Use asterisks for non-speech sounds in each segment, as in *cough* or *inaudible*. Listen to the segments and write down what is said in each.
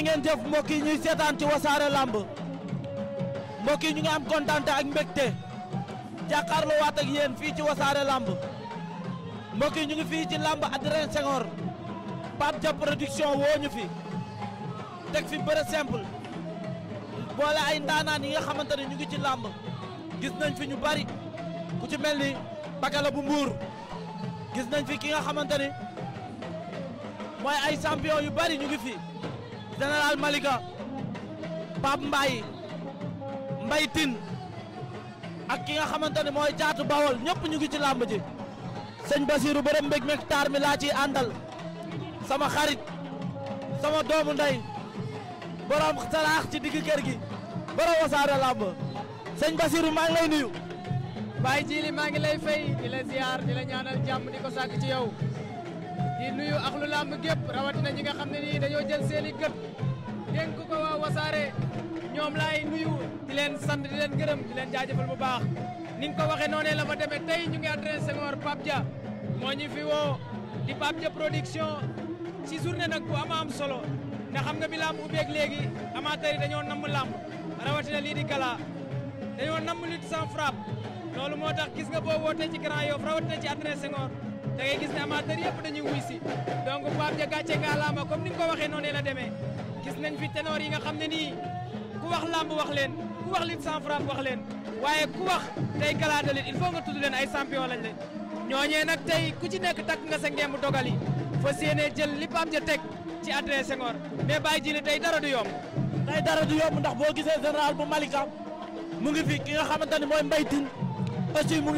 jërë ngeen jëf mbokk yi ñuy seetaan ci wasaare lamb mbokk yi ñu ngi am kontante ak mbégte jàkkaarloo waat ak yéen fii ci wasaare lamb mbokk yi ñu ngi fii ci làmb Adrien Senghor Pape Dia production woo ñu fi teg fi bëre simple boole ay ndaanaan yi nga xamante ne ñu ngi ci lamb gis nañ fi ñu bari ku ci mel ni Pakala bu Mbuur gis nañ fi ki nga xamante ni mooy ay champion yu bari ñu ngi fi. général Malika Pape Mbaye Mbaye Tine ak ki nga xamante ne mooy caatu bawol ñëpp ñu ngi ci làmb ji sëñ Basiru borom mbég mek taar mi laa ciy àndal sama xarit sama doomu ndey borom saraax ci digg kër gi borom wasaare làmb sëñ Basiru maa ngi lay nuyu. Baye Jili maa ngi lay fay di la ziar di la ñaanal jàmm di ko sàkk ci yow. di nuyu axlu làmb gépp rawatina ñi nga xam ne nii dañoo jël seen i gët ko ko waa wasaare ñoom laay nuyu di leen sant di leen gërëm di leen jaajëfal bu baax ni nga ko waxee noonee la fa demee tey ñu ngi adressé Senghor moo ñu fi woo di Pape Dia production ci journée nag bu ama am solo ndax xam nga bi làmb ubbeeg léegi amateur yi dañoo namm làmb rawatina lii di gala dañoo namm lutte sans frappe loolu moo tax gis nga boo wootee ci Grand Yoff rawatina ci adressé da ngay gis ne amateur yëpp dañuy wuy si donc Pape Dia gàcce nga laama comme ni nga ko waxee noonu la demee gis nañ fi ténor yi nga xam ne nii ku wax làmb wax leen ku wax lutte sans frappe wax leen waaye ku wax tey gala de il faut nga tudd leen ay champion lañ leen ñooñee nag tey ku ci nekk takk nga sa ngemb dogal yi fas jël li Pape Dia teg ci Adrien Senghor mais bàyyi ji tey dara du yomb tey dara du yomb ndax boo gisee général bu Malika mu ngi fi ki nga xamante ne mooy Mbaye Tine aussi mu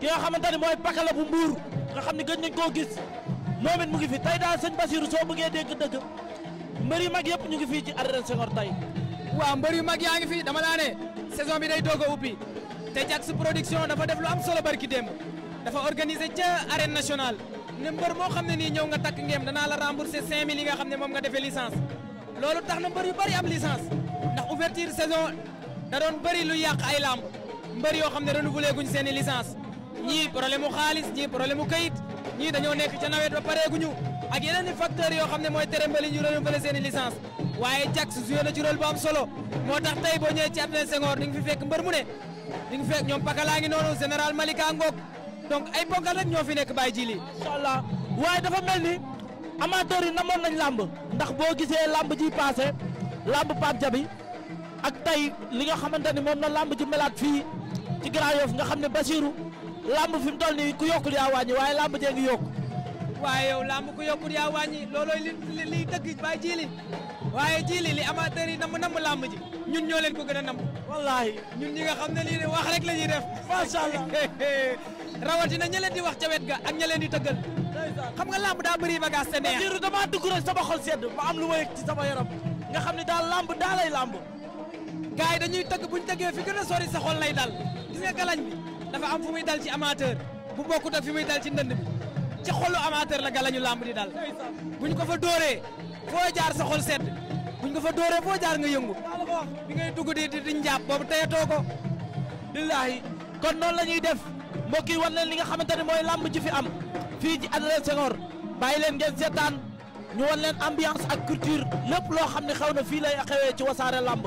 ki nga xamante ni mooy pakala bu mbuur nga xam ne gëj nañ koo gis moom it mu ngi fi tey daal sëñ Basiru soo bëggee dégg dëgg mbër yu mag yëpp ñu ngi fii ci Adrien Senghor tey waaw mbër yu mag yaa ngi fi dama laa saison bi day doog a ubbi te Jax production dafa def lu am solo barki démb dafa organiser ca arène nationale ne mbër moo xam ne nii ñëw nga takk ngeem danaa la rembourser 5000 yi nga xam ne moom nga defee licence loolu tax na mbër yu bëri am ndax ouverture saison da doon bëri lu yàq ay làmb yoo xam ne renouvelé guñ seen i licence ñii problème mu xaalis ñii problème mu ñii dañoo nekk ca nawet ba pareeguñu ak yeneen i facteurs yoo xam ne moo tere mbali ñu renouveler seen i licence waaye Jax joué na ci rôle bu am solo moo tax tey boo ñëwee ci Adrien Senghor di mbër mu ne di nga fekk ñoom Pakala ngi noonu général Malika Ngok donc ay bokkal rek ñoo fi nekk Baye Djili. incha allah waaye dafa mel ni amateurs yi namoon nañ làmb ndax boo gisee làmb ji passé làmb Pape Jabi ak tey li nga xamante ni moom na làmb ji melaat fii ci Grand nga xam ne Basirou. lamb fi mu nii ku yokkul yaa wàññi waaye lamb jee ngi yokku. waaye yow lamb ku yokkul yaa wàññi loolooy li li liy dëgg bàyyi jiili waaye jiili li amateur yi namm namm lamb ji ñun ñoo leen ko gën a namm. wallaahi ñun ñi nga xam ne lii de wax rek la ñuy def. macha allah *laughs* rawatina ña leen di wax ca wet ga ak ña leen di tëggal. xam nga lamb daa bëri bagage te neex. Basiru damaa dugg rek sama xol sedd ma am lu ma yëg ci sama yaram nga xam ne daal làmb daa lay làmb gars yi dañuy tëgg bu ñu a sori sa lay dal dafa am fu muy dal ci amateur bu bokkut ak fi muy dal ci ndënd bi ci xolu amateur la galañu làmb di dal buñ ko fa dóoree foo jaar sa xol sedd buñ ko fa dóoree foo jaar nga yëngu bi ngay dugg di di njàpp boobu teyatoo ko billaahi kon noonu lañuy def mbokk yi wan leen li nga xamante ne mooy làmb ji fi am fii ci Adrien Senghor bàyyi leen ngeen seetaan ñu wan leen ambiance ak culture lépp loo xam ne xew na fii la xewee ci wasaare làmb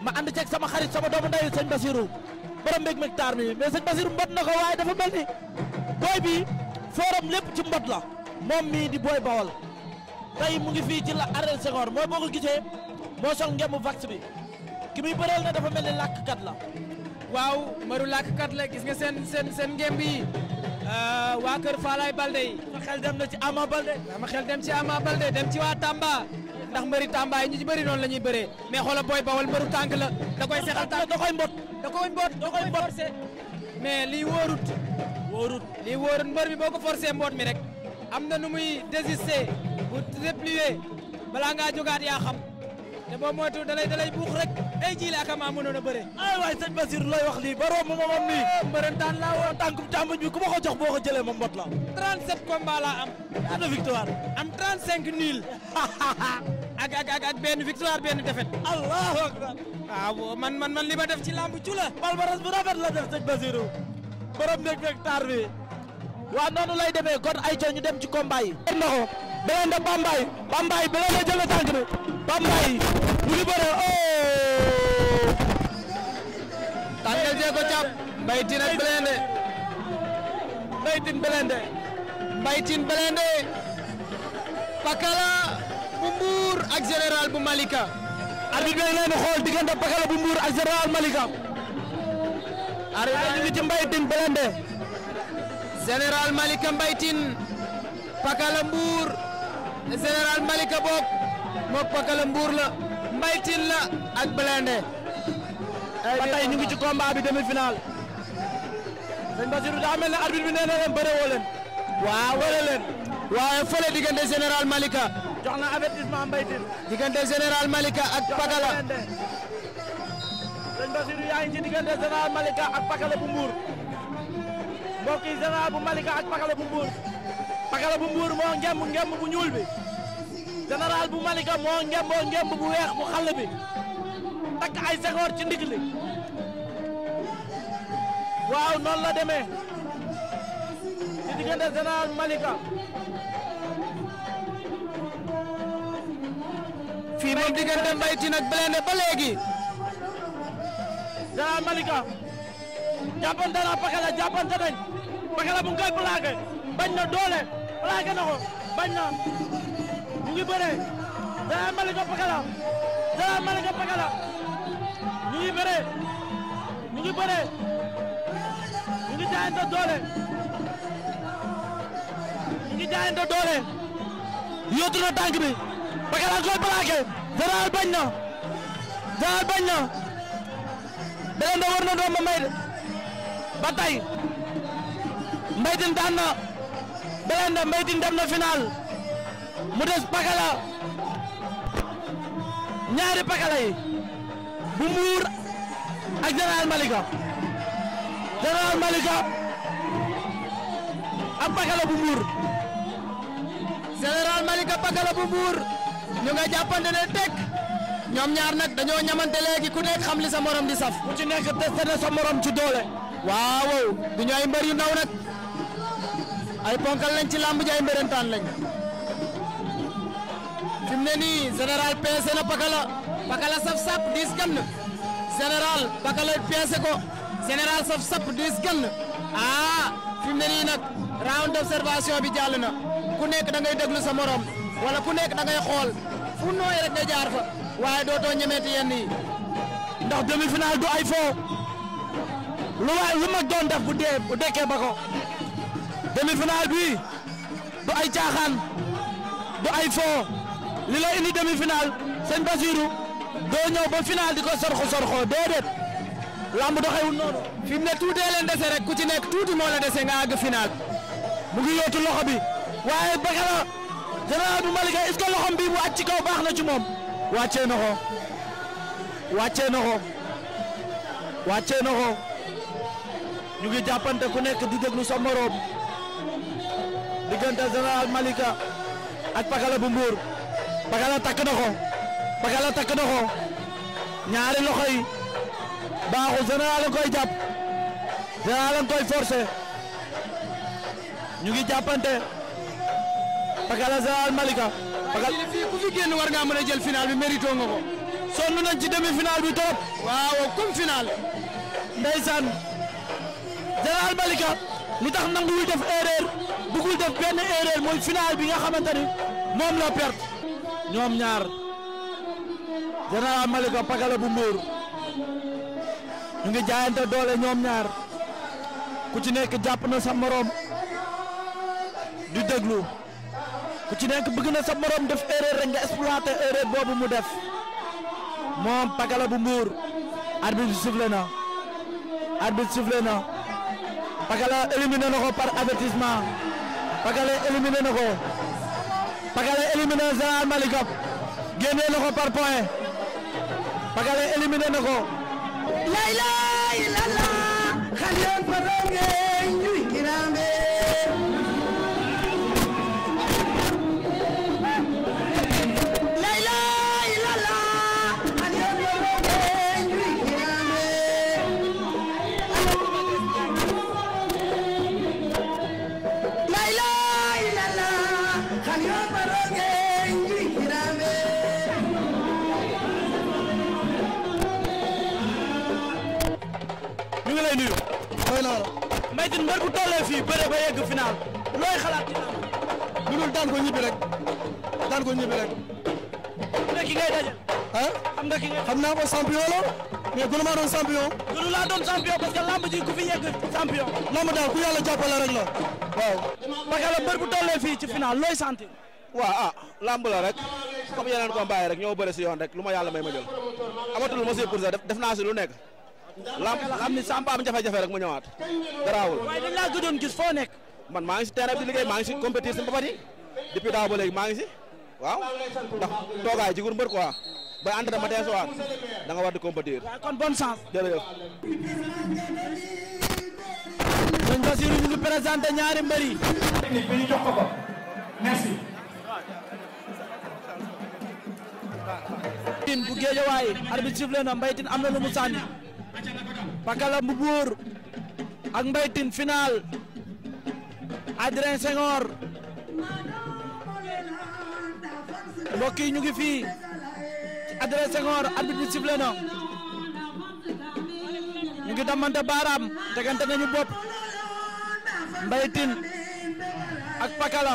ma ànd ceeg sama sama doomu ndeyu sëñ borom mbég meg taar mi mais sëñ Basiru mbot na ko waaye dafa mel ni booy bi forum lépp ci mbot la moom mii di booy bawal tey mu ngi fii ci la arène Senghor mooy boo ko gisee moo sol ngemu vax bi ki muy bëreel na dafa mel ni làkkat la waaw maru làkkat la gis nga seen seen seen ngem bi euh, waa kër Faalaay Balde yi ma xel dem na ci Ama Balde ma xel dem ci Ama Balde dem ci waa Tamba ndax mbëri Tamba yi ñi ci bëri noonu la ñuy bëree mais xoolal booy bawal mbëru tànk la da koy seexal tànk da mbot da koy mbot da koy mbot mais lii wóorut wóorut lii wóorut mbër mi boo ko forcé mboot mi rek am na nu muy désister bu replier balaa ngaa jógaat yaa xam te boo moytu dalay dalay buux rek ay ji la ak maa mënoon a bëree ay waay sëñ Basir looy wax lii baroo ma moom am nii oh, mbërëntaan laa woon tànkum tàmbañ bi ku ma ko jox boo ko jëlee ma mbot la 37 combats laa am ñaata victoire am *laughs* ak ak ak benn victoire benn défaite. allahu akbar. Ah, waaw man man man li ma def ci lamb cu la. palmarès bu rafet la def sëñ Basirou. borom mbégteeg taar bi. waaw noonu lay demee kon ay coono ñu dem ci combat yi. jël na ko beneen de Bambaye Bambaye bi la jël na tànk bi Bambaye oh! ko jàpp. Mbaye Tine ak Blindé. Mbaye Tine Blindé. Mbaye Tine Blindé. Mbour ak bu Malika. arbitre bi leen xool diggante Pakala bu Mbour ak général Malika. arbitre bi ngi ci Mbaye Tine Blindé. général Malika Mbaye Tine. Pakala Mbour. général Malika bokk mook Pakala Mbour la. Mbaye Tine la ak Blindé. ba tey ñu ngi ci combat bi demi-finale. sëñ Basirou daa mel Malika. jox na avertissement Mbaye Tine. diggante général Malika ak Pakala. sëñ Basiru yaa ngi ak Pakala bu Mbour. mbokk moo ngemb ngemb bu ñuul bi. général bu moo ngemboo ngemb bu weex bi. takk ay sekoor ci ndig waaw noonu la demee. diggante général Malika. kii moom diggante Mbaye Tine ba léegi. Général Malika jàppante na Pakala jàppante nañ Pakala mu ngi bañ na doole plaqué na bañ na mu ngi bëree Général Pakala Général Malika Pakala ñu ngi bëree ñu ngi bëree doole ñu ngi doole yóotu na tànk bi. Pakala koy plaqué Général bañ na Général bañ na Belende war na doon ba Mbaye ba tey Mbaye Tine na Belende Mbaye Tine dem na final mu des Pakala ñaari Pakala yi bu Mbour ak Général Malika Général Pakala bu Mbour Général Pakala bu ñu nga jàppante ne tek ñoom ñaar nag dañoo ñamante léegi ku nekk xam li sa morom di saf. ku ci nekk testé sa morom ci doole. waaw du ñu ay mbër yu ndaw nag ay ponkal lañ ci làmb ji ay mbërantaan lañ ne nii général peese na pakala pakala saf sap diis gann général pakala peese ko général saf sap diis gann ah fi ne nii nag round d'observation bi jàll na ku nekk da ngay déglu sa morom wala ku nekk da xool. fu nooy rek nga jaar fa waaye dootoo ñemeeti yenn yi ndax demi-finale du ay fo lu waay lu mag doon def bu dee bu dekkee ba ko demi-finale bi du ay caaxaan du ay fo li indi demi-finale sëñ Basiru doo ñëw ba finale di ko sorxo sorxo déedéet lamb doxewul noonu fi mu ne tuutee leen dese rek ku ci nekk tuuti moo la dese nga àgg finale mu ngi yootu loxo bi waaye ba général bu Malika est-ce que loxom ci kaw baax na ci moom wàccee na ko wàccee na ñu ngi jàppante ku nekk di déglu sa moroom diggante général Malika ak Pakala bu Mbour Pakala takk na ko Pakala takk na ko ñaari loxo yi baaxul général koy jàpp général koy forcer ñu ngi jàppante. Pakala Général Malika. Pakala fii ku fi war ngaa mën a jël final bi mérito nga ko. sonn nañ ci demi final bi trop. waaw comme final. ndeysaan Général Malika lu tax nanguwul def erreur bëggul def benn erreur mooy final bi nga xamante ni moom la perte. ñoom ñaar Général Malika Pakala bu Mbour ñu ngi jaayante doole ñoom ñaar ku ci nekk jàpp na sa morom di déglu. ku ci nekk bëgg na sa morom def erreur rek nga exploité boobu mu def moom Pakala bu Mbour arbitre bi soufflé na arbitre soufflé Pakala éliminé na ko par avertissement Pakala éliminé na ko Pakala éliminé Général Malikop génne na par point Pakala éliminé na ko lay lay lala xalion Mbaye Tine mbër bu tollee fii bëre ba yegg final looy xalaat ci daan. lu dul ko ñibbi rek daan ko ñibbi rek. xam nga ki ngay daje. ah xam nga ki ngay xam naa ko champion la mais gënu maa doon champion. gënu laa doon champion ku fi yegg champion. lamb daal ku yàlla jàppale rek la waaw. Pakala mbër bu tollee fii ci final looy santi waa ah lamb la rek comme yeneen combat yi rek ñoo bëre si yoon rek lu ma yàlla may ma jël amatul ma si pour def naa si lu nekk. lam lam ni sama am jafe-jafe rek mu ñëwaat garaawul waaye dañ laa gëjoon gis foo nekk man maa ngi si bi di liggéey maa ngi si compétir si mbapat daaw ba léegi maa ngi si waaw ndax toogaay jigur mbër quoi bay entraîné ma dee sowaat da nga war di compétir kon bonne chance jërëjëf sëñ Bassirou ñu ngi présenté ñaari mbër yi technique bi ñu jox ko ko merci bu géejawaay arbitre sifflé na Mbaye Tine am na lu mu sànni Pakala bu ak Mbaye Tine final Adrien ñu ngi fii Adrien Senghor arbitre ñu ngi damante baaraam tegante nañu bopp ak Pakala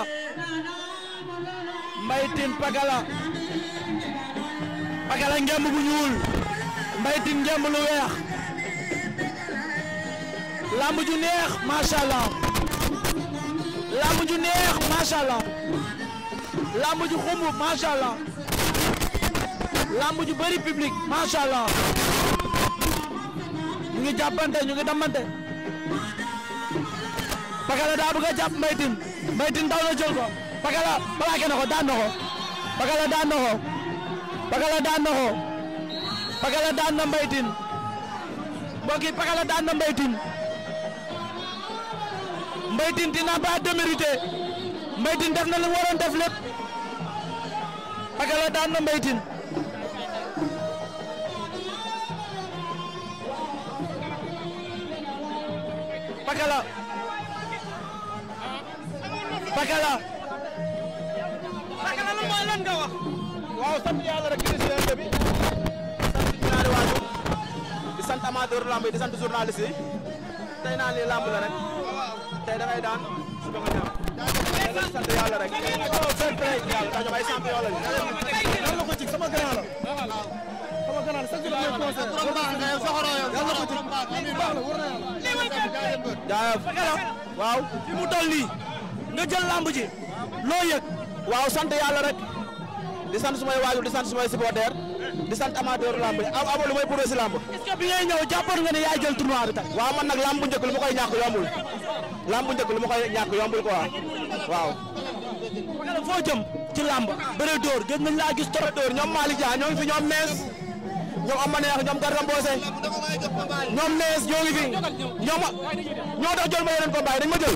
Mbaye Pakala Pakala ngemb bu ñuul Mbaye Tine lu weex lamb ju neex macha lamb ju neex macha lamb ju xumb macha lamb ju bëri public ñu ngi jàppante ñu ngi damante Pakala daa bëgg a jàpp Mbaye Tine Mbaye Tine daw na jël ko Pakala plaqué na ko daan na ko Pakala daan na ko Pakala daan na ko daan na Mbaye Tine mbokk daan na Mbaye Mbaye Tine dina ba démérité Mbaye Tine def na lu waroon def lépp na Mbaye Tine Pakala Pakala Pakala lu mooy lan nga wax waaw sant yàlla rek ci seen bi sant ñaari waajur di sant amateur lamb la rek tey da ngay daan suba nga rek. non c'est vrai yàlla ndax ñoom ko ci sama grand la. sama grand ko ci. jaayef waaw. mu toll nga jël lamb ji waaw sant yàlla rek. di suma sumay waajur di sant sumay supporter di sant amateur lamb yi am amul lu may prouvé si lamb. est-ce que ñëw jàppoon nga ne yaay jël tournoi waaw man nag lamb bu njëkk lu ma koy yombul lamb bu njëkk lu ma koy yombul quoi waaw. foo jëm ci lamb bëre door gën nañ laa gis trop dóor ñoom Malick Dia ñoo ngi fi ñoom Mees ñoom Amaneex ñoom Garga Mbossé ñoom Mees ñoo ngi fi ñoom ñoo tax jël ma yeneen combat yi dañ ma jël.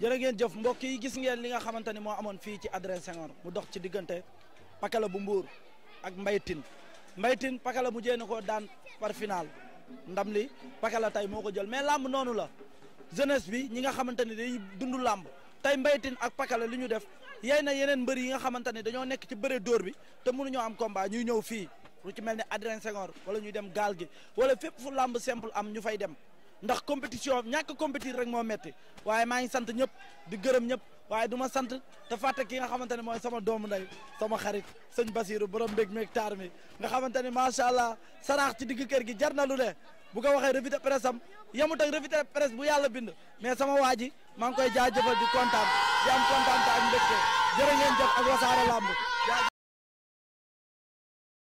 jërë ngeen jëf mbokk yi gis ngeen li nga xamante ni moo amoon fii ci Adrien Senghor mu dox ci diggante. pakala bu mbuur ak mbaytin mbaytin pakala mu jéene koo daan par final ndam li pakala tey moo ko jël mais làmb noonu la jeunesse bi ñi nga xamante ne day dund làmb tey mbaytin ak pakala li ñu def yey na yeneen mbër yi nga xamante ne dañoo nekk ci bëre dóor bi te ñoo am combat ñuy ñëw fii lu ci mel ne Adrien Senghor wala ñuy dem gaal gi wala fépp fu làmb simple am ñu fay dem ndax compétition ñàkk compétir rek moo metti waaye maa ngi sant ñëpp di gërëm ñëpp waaye du ma sant te fàtte ki nga xamante ne mooy sama doomu nday sama xarit sëñ Basiru borom mbég meeg taar mi nga xamante ne macha allah saraax ci digg kër gi jar na lu ne bu ko waxee revue de presse am yemut ak revue de presse bu yàlla bind mais sama waa ji maa ngi koy jaajëfal di kontaan di am kontaan ak mbégte jërë ngeen jëf ak wasaare lamb